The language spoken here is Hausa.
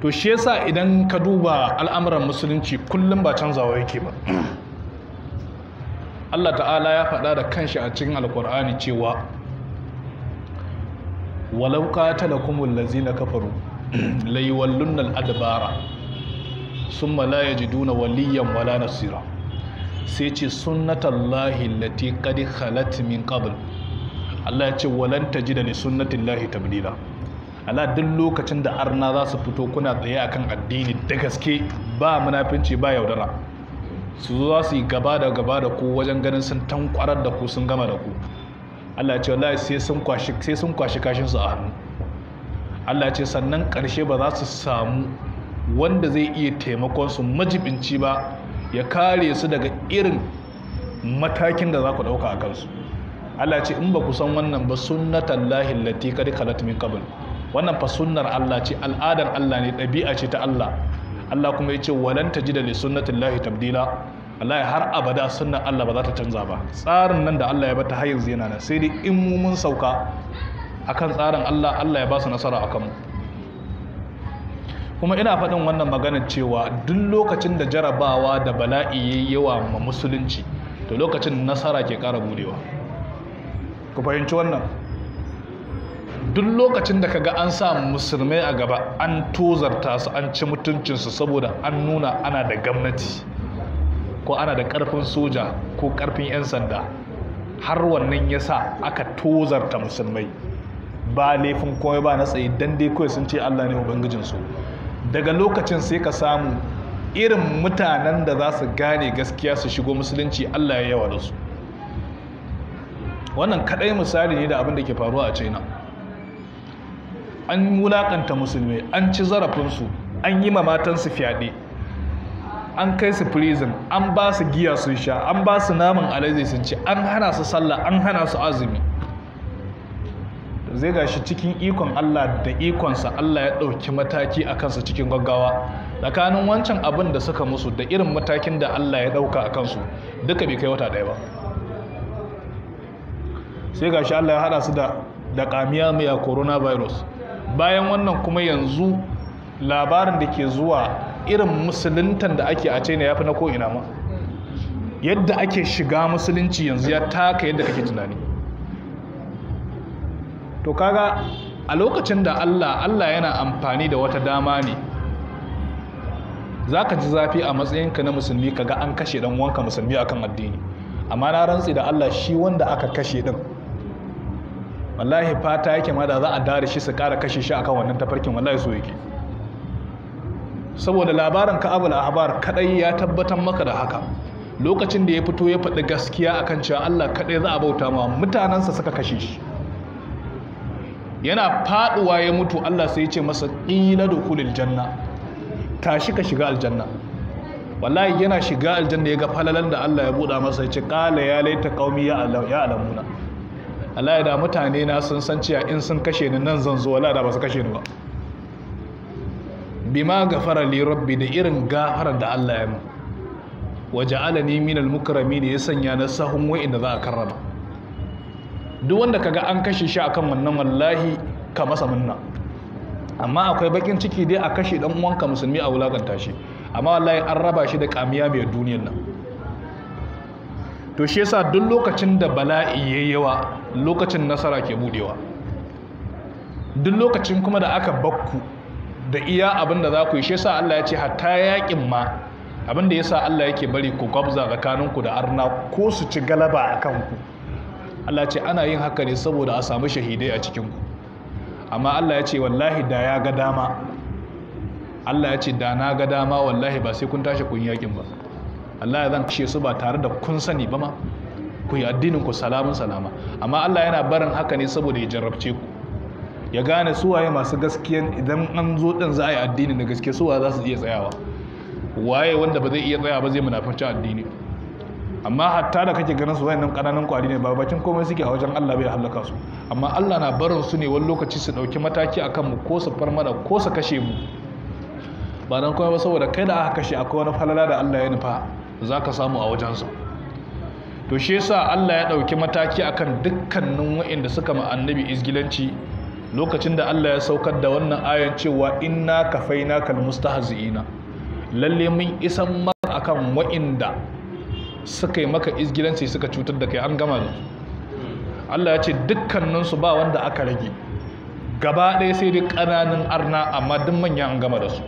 to shi yasa idan ka duba al'amuran musulunci kullum ba canzawa yake ba Allah ta'ala ya faɗa da kanshi a cikin alkur'ani cewa walau qatalakum allazina kafaru layuwallunna al'adabara sun malaya ji duna waliyan wala nasira sai ce sunnatan lahi lati kadi halat min Allah ya ce walanta ji da ni sunnatin lahi tabdila ala duk lokacin da arna za su fito kuna tsaye akan addini da gaske ba munafinci ba yaudara su zo su yi gaba da gaba da ku wajen ganin sun tankwarar da ku sun gama da ku Allah ce wallahi sai sun kwashi kashin su a hannu Allah ce sannan karshe ba za su samu wanda zai iya taimakon su majibinci ba ya kare su daga irin matakin da za ku dauka a kansu Allah ce in ba ku san wannan ba sunnatan lahi lati kadi min kabul wannan fa sunnar Allah ce al'adar Allah ne ɗabi'a ce ta Allah Allah kuma ya ce walan da li lahi tabdila ya har abada sunnar Allah ba za ta canza ba tsarin nan da Allah ya bata har yanzu yana sai dai in mu mun sauka akan tsarin Allah Allah ya ba su nasara a mu kuma ina faɗin wannan maganar cewa duk lokacin da jarabawa da bala'i yi yawa ma musulunci to lokacin nasara ke ƙara budewa ku fahimci wannan duk lokacin da kaga an sa musulmai a gaba an tozarta su an ci mutuncinsu saboda an nuna ana da gwamnati ko ana da karfin soja ko karfin 'yan sanda har wannan ya sa aka tozarta musulmai ba laifin komai ba na tsaye dan dai kawai sun ce allah ne ubangijinsu daga lokacin sai ka samu irin mutanen da za su gane gaskiya su shigo musulunci allah ya yawa da su wannan kadai misali ne da abin da ke faruwa a china an wulakanta musulmi an ci zarafinsu an yi ma matansu fyaɗe an kai su prison an ba su giya sun sha an ba su naman alade sun ci an hana su sallah an hana su azumi zai ga shi cikin ikon Allah da ikonsa Allah ya ɗauki mataki a kansu cikin gaggawa tsakanin wancan abin da suka musu da irin matakin da Allah ya ɗauka a kansu duka bai kai wata ɗaya ba sai ga shi Allah ya hada su da da ƙamiya mai coronavirus bayan wannan kuma yanzu labarin da ke zuwa irin musuluntan da ake a china ya fi na ko'ina ma yadda ake shiga musulunci yanzu ya taka yadda ake tunani to kaga a lokacin da allah allah yana amfani da wata dama ne za ka ji zafi a matsayinka na musulmi ka ga an kashe dan wanka musulmi akan addini amma na rantsi da allah shi wanda aka kashe din wallahi fata yake ma da za a dare shi su kara kashe shi akan wannan tafarkin wallahi so yake saboda labarin ka'abul ahbar kadai ya tabbatar maka da haka lokacin da ya fito ya faɗi gaskiya akan cewa Allah kadai za a bauta ma mutanansa suka kashe shi yana faduwa ya mutu Allah sai ya ce masa qila dukhulil janna tashi ka shiga aljanna wallahi yana shiga aljanna ya ga falalan da Allah ya buɗa masa ya ce qala ya laita qaumi ya alamuna Allah da mutane na sun san cewa in sun kashe ni nan zan zo Allah da ba su kashe ni ba bima gafara li rabbi da irin gafarar da Allah ya min waja'alani minal mukramin ya sanya na sahun wa'inda za a karrama duk wanda kaga an kashe shi akan wannan wallahi ka masa munna amma akwai bakin ciki dai a kashe dan uwanka musulmi a wulakanta shi amma wallahi an raba shi da kamiya mai duniyar nan to shi yasa duk lokacin da bala'i ya yawa lokacin nasara ke budewa duk lokacin kuma da aka bakku da iya abin da za ku yi shi yasa Allah ya ce hatta yakin ma abin da yasa Allah yake bari ku gwabza tsakaninku da arna ko su ci galaba a kanku Allah ce ana yin haka ne saboda a samu shahidai a cikinku amma Allah ya ce wallahi da ya ga dama Allah ya ce da na ga dama wallahi ba sai kun tashi kun yaƙin ba Allah zan kashe su ba tare da kun sani ba ma ku yi addinin ku salamun salama amma Allah yana barin haka ne saboda ya jarrabce ku ya gane suwaye masu gaskiyan idan an zo din za a yi addini da gaske suwa za su iya tsayawa waye wanda ba zai iya tsaya ba zai munafarci addini amma hatta da kake ganin su wayannan kananan kwari ne ba bakin komai suke a wajen Allah bai halaka su amma Allah na barin su ne wani lokaci su dauki mataki akan mu ko su farma da ko su kashe mu ba dan komai ba saboda kai da aka kashe akwai wani falala da Allah ya nufa za ka samu a wajensa to shi yasa Allah ya ɗauki mataki akan dukkanin wa'inda suka ma annabi izgilanci lokacin da Allah ya saukar da wannan ayan cewa inna kafaina kal mustahzi'ina lalle mun isan maka akan wa'inda suka yi maka izgilanci suka cutar da kai an gama da Allah ya ce dukkaninsu ba wanda aka rage gaba ɗaya sai dai ƙananan arna amma duk manya an gama da su